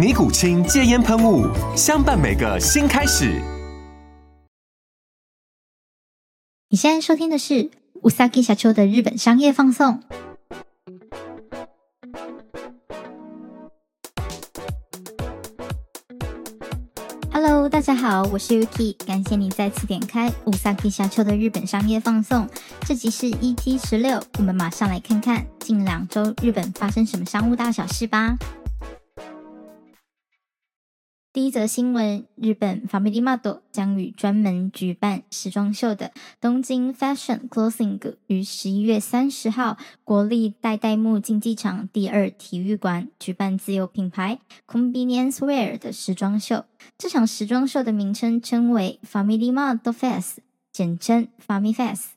尼古清戒煙噴霧，相伴每個新開始。你現在收聽的是うさぎ社長的日本商業放送。Hello，大家好，我是 Yuki，感謝你再次點開うさぎ社長的日本商業放送。這集是 EP16，我們馬上來看看近兩週日本發生什麼商務大小事吧。一則新聞：日本 Family Mart 將與專門舉辦時裝秀的東京 Fashion Clothing 於十一月三十號國立代代木競技場第二體育館舉辦自有品牌 Convenience Wear 的時裝秀。這場時裝秀的名稱稱為 Family Mart Fest，簡稱 Family Fest。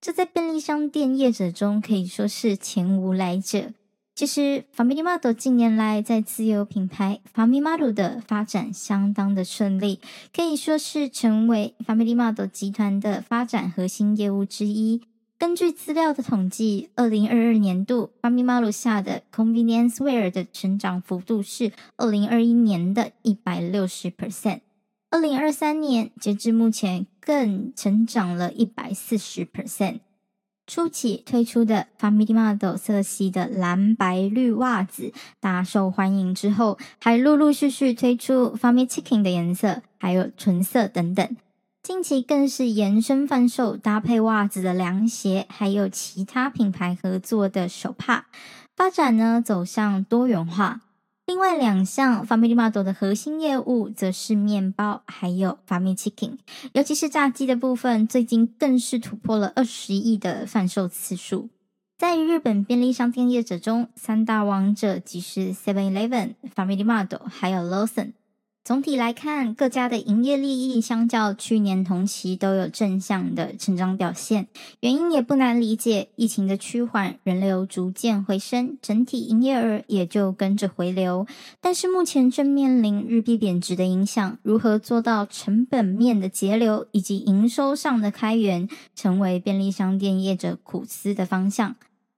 這在便利商店業者中可以說是前無來者。其實 f a m i l y m d e t 近年來在自有品牌 f a m i l y m d e t 的發展相當的順利，可以說是成為 f a m i l y m d e t 集團的發展核心業務之一。根據資料的統計，2022年度 f a m i l y m d e t 下的 Convenience w e a r 的成長幅度是2021年的 160%，2023 年截至目前更成長了140%。初期推出的 Family Mode 色系，的藍白綠襪子大受歡迎之後，還陸陸續續推出 Family Chicken 的顏色，還有純色等等。近期更是延伸販售搭配襪子的涼鞋，還有其他品牌合作的手帕，發展呢，走向多元化。另外兩項 FamilyMart 的核心業務則是麵包，還有 Family Chicken，尤其是炸雞的部分，最近更是突破了二十億的販售次數。在日本便利商店業者中，三大王者即是 Seven Eleven、11, FamilyMart，還有 Lawson。總體來看，各家的營業利益相較去年同期都有正向的成長表現，原因也不難理解，疫情的趨緩，人流逐漸回升，整體營業額也就跟着回流。但是目前正面臨日幣貶值的影響，如何做到成本面的節流以及營收上的開源，成為便利商店業者苦思的方向。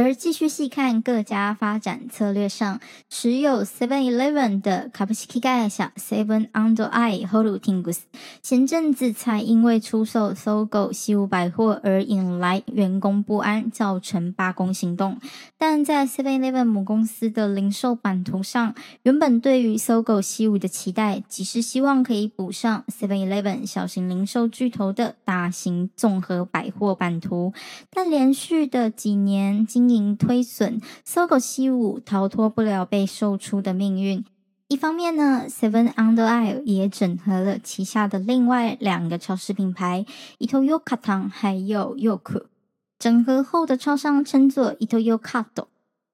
而繼續細看各家發展策略上，持有 Seven Eleven 的卡布奇奇蓋下 Seven Under Eye Holu Tingus，前陣子才因為出售搜狗西武百貨而引來員工不安，造成罷工行動。但在 Seven Eleven 母公司的零售版圖上，原本對於搜狗西武的期待，即是希望可以補上 Seven Eleven 小型零售巨頭的大型綜合百貨版圖，但連續的幾年經經營虧損，Sogo 西武逃脫不了被售出的命運。一方面呢，Seven & i 也整合了旗下的另外兩個超市品牌伊藤洋華堂還有優酷。整合後的超商稱作伊藤洋華堂。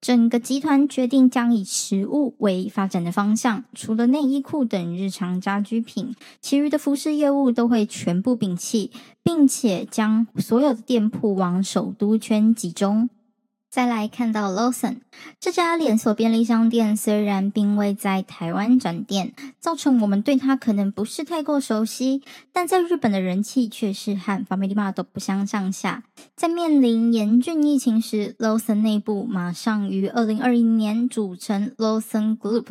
整個集團決定將以食物為發展的方向，除了內衣褲等日常家居品，其餘的服飾業務都會全部摒棄，並且將所有的店鋪往首都圈集中。再來看到 Lawson 這家連鎖便利商店，雖然並未在台灣展店，造成我們對它可能不是太過熟悉，但在日本的人氣卻是和 FamilyMart 都不相上下。在面臨嚴峻疫情時，Lawson 內部馬上於二零二一年組成 Lawson Group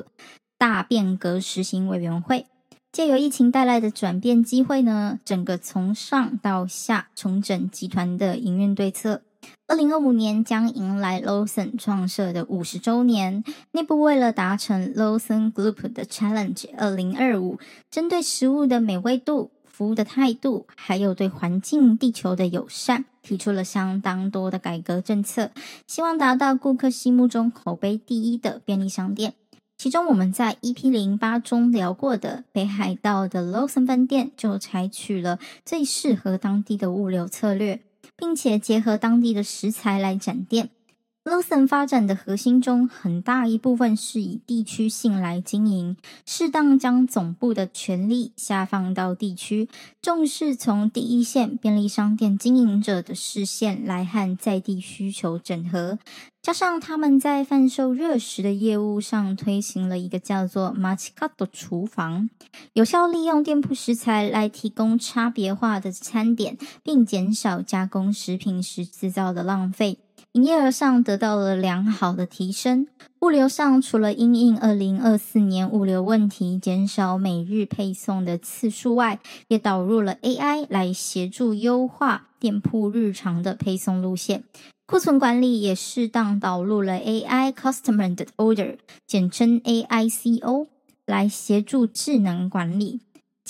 大變革實行委員會，借由疫情帶來的轉變機會呢，整個從上到下重整集團的營運對策。二零二五年將迎來 Lawson 創設的五十週年。內部為了達成 Lawson Group 的 Challenge 二零二五，針對食物的美味度、服務的態度，還有對環境、地球的友善，提出了相當多的改革政策，希望達到顧客心目中口碑第一的便利商店。其中，我們在 EP 零八中聊過的北海道的 Lawson 分店，就採取了最適合當地的物流策略。並且結合當地的食材來展店。Lawson 發展的核心中，很大一部分是以地區性來經營，適當將總部的權力下放到地區，重視從第一線便利商店經營者的視線來和在地需求整合。加上他們在販售熱食的業務上推行了一個叫做 Machikado 的廚房，有效利用店鋪食材來提供差別化的餐點，並減少加工食品時制造的浪費。營業額上得到了良好的提升，物流上除了因應二零二四年物流問題減少每日配送的次數外，也導入了 AI 來協助優化店鋪日常的配送路線，庫存管理也適當導入了 AI Customer 的 Order，簡稱 AICO，來協助智能管理。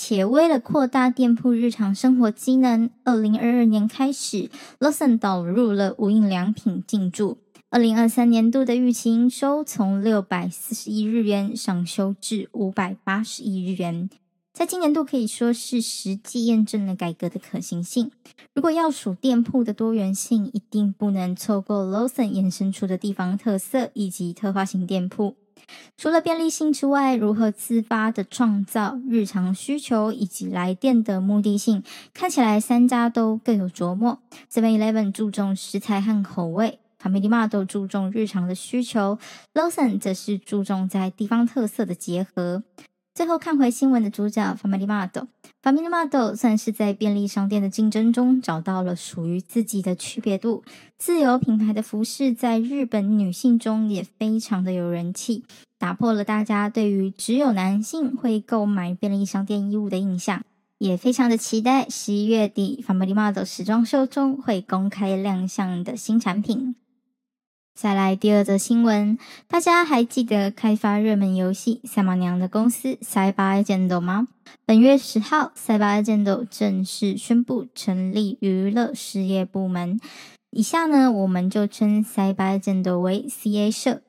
且為了擴大店鋪日常生活機能，二零二二年開始，Lawson 導入了無印良品進駐。二零二三年度的預期營收從六百四十億日元上修至五百八十億日元，在今年度可以說是實際驗證了改革的可行性。如果要數店鋪的多元性，一定不能錯過 Lawson 衍生出的地方特色以及特化型店鋪。除了便利性之外，如何自發地創造日常需求以及來電的目的性，看起來三家都各有琢磨。Seven Eleven 注重食材和口味，FamilyMart 都注重日常的需求，Lawson 則是注重在地方特色的結合。最後看回新聞的主角 FamilyMart，FamilyMart 算是在便利商店的競爭中找到了屬於自己的區別度。自有品牌的服飾在日本女性中也非常的有人氣，打破了大家對於只有男性會購買便利商店衣物的印象。也非常的期待十一月底 FamilyMart 時裝秀中會公開亮相的新產品。再來第二則新聞，大家還記得開發熱門遊戲《賽馬娘》的公司 CyberAgent 嗎？本月十號，CyberAgent 正式宣布成立娛樂事業部門。以下呢，我們就稱 CyberAgent 為 CA 社。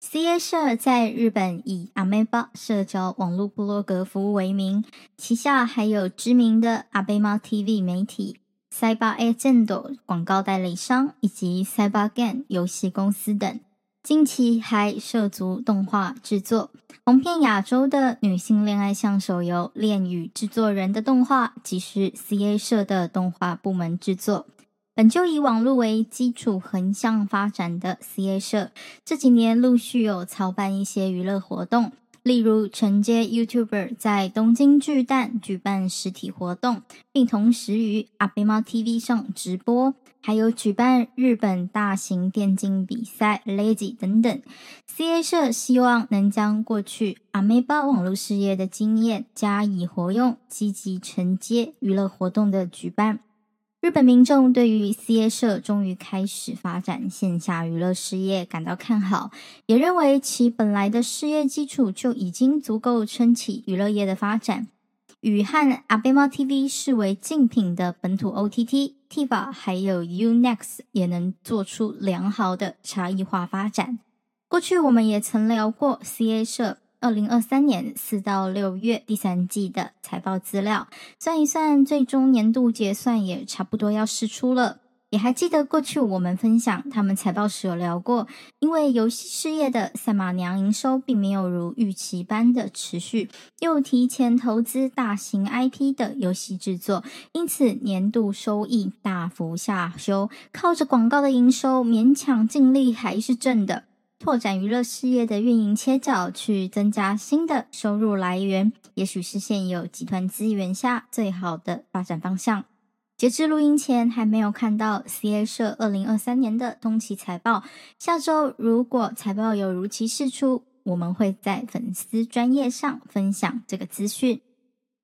CA 社在日本以 Ameba 社交網絡部落格服務為名，旗下還有知名的 ABEMA TV 媒體。Cyber Agent 廣告代理商以及 Cyber Game 遊戲公司等，近期還涉足動畫製作，紅遍亞洲的女性戀愛向手遊《戀與製作人》的動畫即是 C A 社的動畫部門製作。本就以網絡為基礎橫向發展的 C A 社，這幾年陸續有操辦一些娛樂活動。例如承接 YouTuber 在東京巨蛋舉辦實體活動，並同時於 ABEMA TV 上直播，還有舉辦日本大型電競比賽 Lazy 等等。CA 社希望能將過去 Ameba 網絡事業的經驗加以活用，積極承接娛樂活動的舉辦。日本民眾對於 CA 社終於開始發展線下娛樂事業感到看好，也認為其本來的事業基礎就已經足夠撐起娛樂業的發展。與和 ABEMA TV 視為競品的本土 OTT TVer 還有 U-NEXT 也能做出良好的差異化發展。過去我們也曾聊過 CA 社。二零二三年四到六月第三季的財報資料，算一算，最終年度結算也差不多要釋出了。也還記得過去我們分享他們財報時有聊過，因為遊戲事業的賽馬娘營收並沒有如預期般的持續，又提前投資大型 IP 的遊戲制作，因此年度收益大幅下修，靠着廣告的營收勉強淨利還是正的。拓展娛樂事業的運營切角，去增加新的收入來源，也許是現有集團資源下最好的發展方向。截至錄音前，還沒有看到 CA 社二零二三年的通期財報。下週如果財報有如期釋出，我們會在粉絲專頁上分享這個資訊。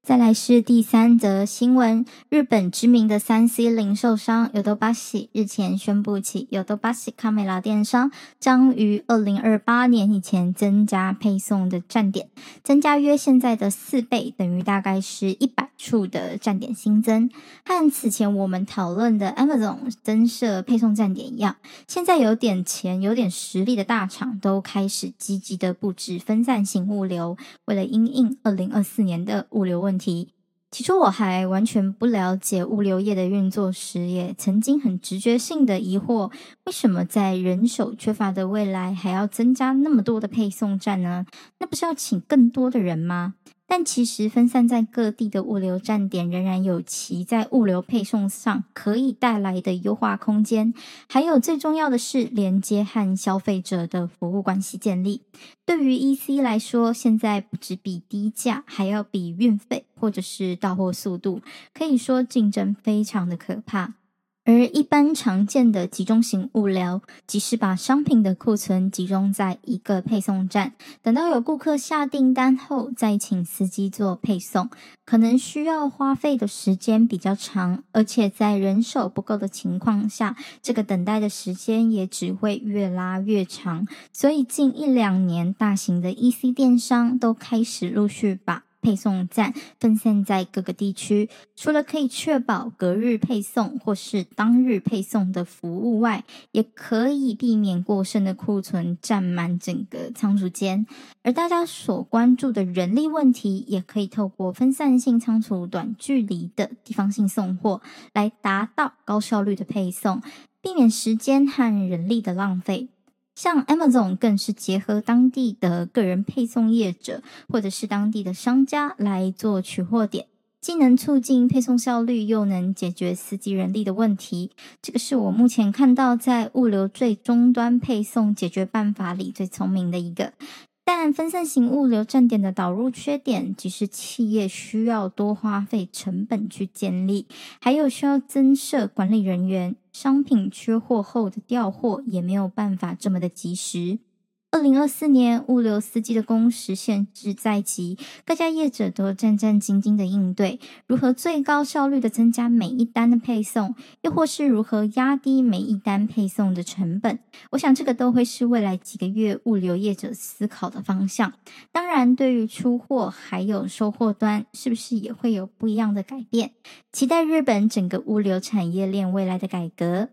再來是第三則新聞，日本知名的三 C 零售商 Yodobashi 日前宣布，其 Yodobashi Camera 電商將於二零二八年以前增加配送的站點，增加約現在的四倍，等於大概是一百處的站點新增，和此前我們討論的 Amazon 增設配送站點一樣，現在有點錢、有點實力的大廠都開始積極地佈置分散型物流，為了因應二零二四年的物流問題。起初我還完全不了解物流業的運作時，也曾經很直覺性地疑惑：為什麼在人手缺乏的未來，還要增加那麼多的配送站呢？那不是要請更多的人嗎？但其實分散在各地的物流站點仍然有其在物流配送上可以帶來的優化空間，還有最重要的是連接和消費者的服務關係建立。對於 EC 來說，現在不只比低價，還要比運費或者是到貨速度，可以說競爭非常的可怕。而一般常見的集中型物流，即是把商品的庫存集中在一個配送站，等到有顧客下訂單後，再請司機做配送，可能需要花費的時間比較長，而且在人手不夠的情況下，這個等待的時間也只會越拉越長。所以近一兩年，大型的 E C 電商都開始陸續把配送站分散在各個地區，除了可以確保隔日配送或是當日配送的服務外，也可以避免過剩的庫存占滿整個倉儲間。而大家所關注的人力問題，也可以透過分散性倉儲、短距離的地方性送貨來達到高效率的配送，避免時間和人力的浪費。像 Amazon 更是結合當地的個人配送業者，或者是當地的商家來做取貨點，既能促進配送效率，又能解決司機人力的問題。這個是我目前看到在物流最終端配送解決辦法裡最聰明的一個。但分散型物流站點的導入缺點，即是企業需要多花費成本去建立，還有需要增設管理人員。商品缺貨後的調貨也沒有辦法這麼的及時。二零二四年，物流司機的工時限制在即，各家業者都戰戰兢兢地應對。如何最高效率地增加每一單的配送，又或是如何壓低每一單配送的成本？我想，這個都會是未來幾個月物流業者思考的方向。當然，對於出貨還有收貨端，是不是也會有不一樣的改變？期待日本整個物流產業鏈未來的改革。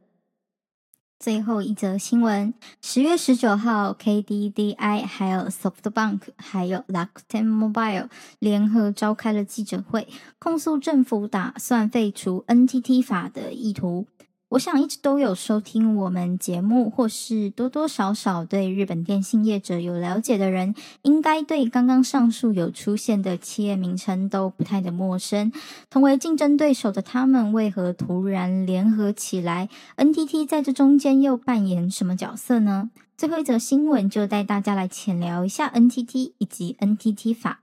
最後一則新聞，十月十九號，KDDI、還有 SoftBank、還有 Rakuten Mobile 聯合召開了記者會，控訴政府打算廢除 NTT 法的意圖。我想一直都有收聽我們節目，或是多多少少對日本電信業者有了解的人，應該對剛剛上述有出現的企業名稱都不太的陌生。同為競爭對手的他們，為何突然聯合起來？NTT 在這中間又扮演什麼角色呢？最後一則新聞就帶大家來淺聊一下 NTT 以及 NTT 法。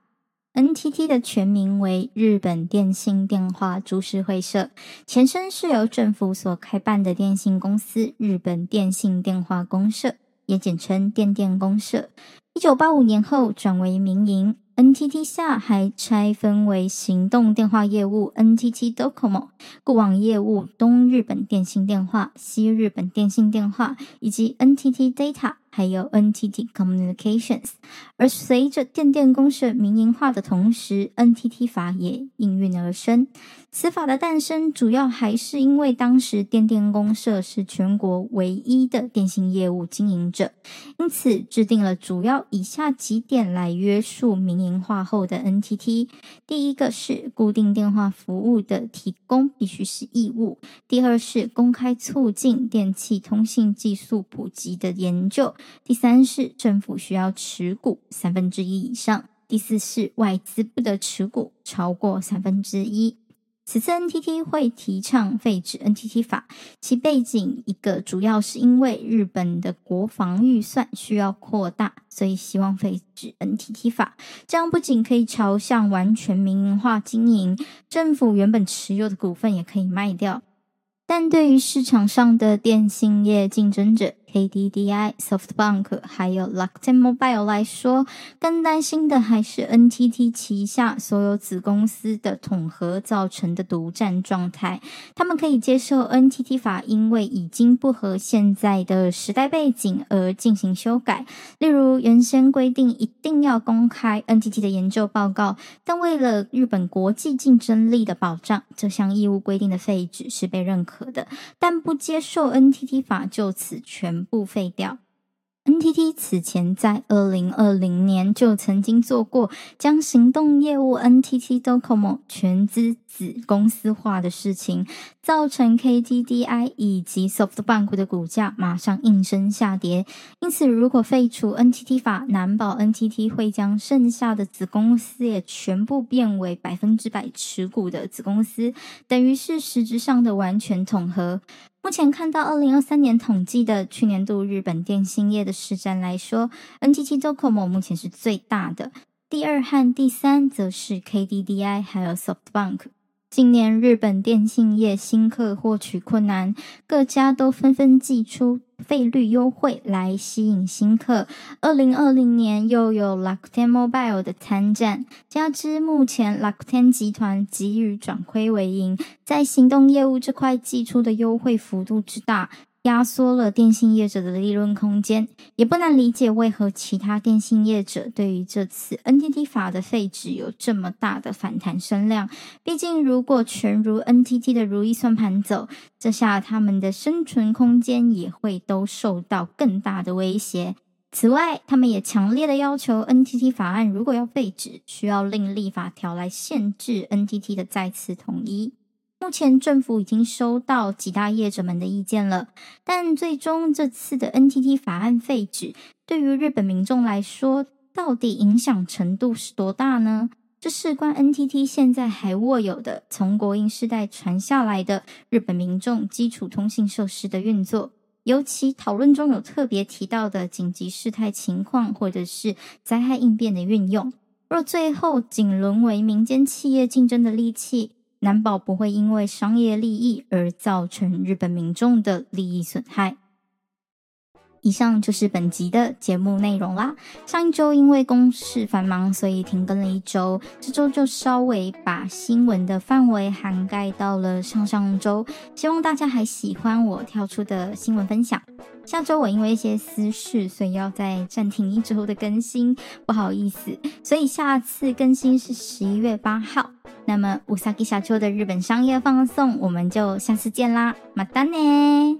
N T T 的全名為日本電信電話株式會社，前身是由政府所開辦的電信公司日本電信電話公社，也簡稱電電公社。一九八五年後轉為民營。N T T 下還拆分為行動電話業務 N T T Docomo、固網業務東日本電信電話、西日本電信電話以及 N T T Data。還有 NTT Communications，而隨着電電公社民營化的同時，NTT 法也應運而生。此法的誕生主要還是因為當時電電公社是全國唯一的電信業務經營者，因此制定了主要以下幾點來約束民營化後的 NTT：第一個是固定電話服務的提供必須是義務；第二是公開促進電氣通信技術普及的研究。第三是政府需要持股三分之一以上，第四是外資不得持股超過三分之一。此次 NTT 會提倡廢止 NTT 法，其背景一個主要是因為日本的國防預算需要擴大，所以希望廢止 NTT 法，這樣不僅可以朝向完全民營化經營，政府原本持有的股份也可以賣掉。但對於市場上的電信業競爭者，KDDI、SoftBank 還有樂天 Mobile 來說，更擔心的還是 NTT 旗下所有子公司的統合造成的獨佔狀態。他們可以接受 NTT 法，因為已經不合現在的時代背景而進行修改，例如原先規定一定要公開 NTT 的研究報告，但為了日本國際競爭力的保障，這項義務規定的廢止是被認可的，但不接受 NTT 法就此全。全部廢掉。NTT 此前在二零二零年就曾經做過將行動業務 NTT Docomo 全資子公司化的事情，造成 KDDI 以及 SoftBank 的股價馬上應聲下跌。因此，如果廢除 NTT 法，難保 NTT 會將剩下的子公司也全部變為百分之百持股的子公司，等於是實質上的完全統合。目前看到二零二三年統計的去年度日本電信業的市占來說 NTT Docomo 目前是最大的，第二和第三則是 KDDI 還有 SoftBank。近年，日本電信業新客獲取困難，各家都紛紛祭出費率優惠來吸引新客。二零二零年又有 Rakuten Mobile 的參戰，加之目前 Rakuten 集團急於轉虧為盈，在行動業務這塊祭出的優惠幅度之大，壓縮了電信業者的利潤空間，也不難理解為何其他電信業者對於這次 NTT 法的廢止有這麼大的反彈聲量。畢竟，如果全如 NTT 的如意算盤走，這下他們的生存空間也會都受到更大的威脅。此外，他們也強烈的要求 NTT 法案如果要廢止，需要另立法條來限制 NTT 的再次統一。目前政府已經收到幾大業者們的意見了，但最終這次的 NTT 法案廢止，對於日本民眾來說，到底影響程度是多大呢？這事關 NTT 現在還握有的從國營時代傳下來的日本民眾基礎通信設施的運作，尤其討論中有特別提到的緊急事態情況或者是災害應變的運用，若最後僅淪為民間企業競爭的利器。難保不會因為商業利益而造成日本民眾的利益損害。以上就是本集的節目內容啦。上一周因為公事繁忙，所以停更了一周。這周就稍微把新聞的範圍涵蓋到了上上周，希望大家還喜歡我跳出的新聞分享。下周我因為一些私事，所以要再暫停一周的更新，不好意思。所以下次更新是十一月八號。那麼うさぎ社長的日本商業放送，我們就下次見啦，またね。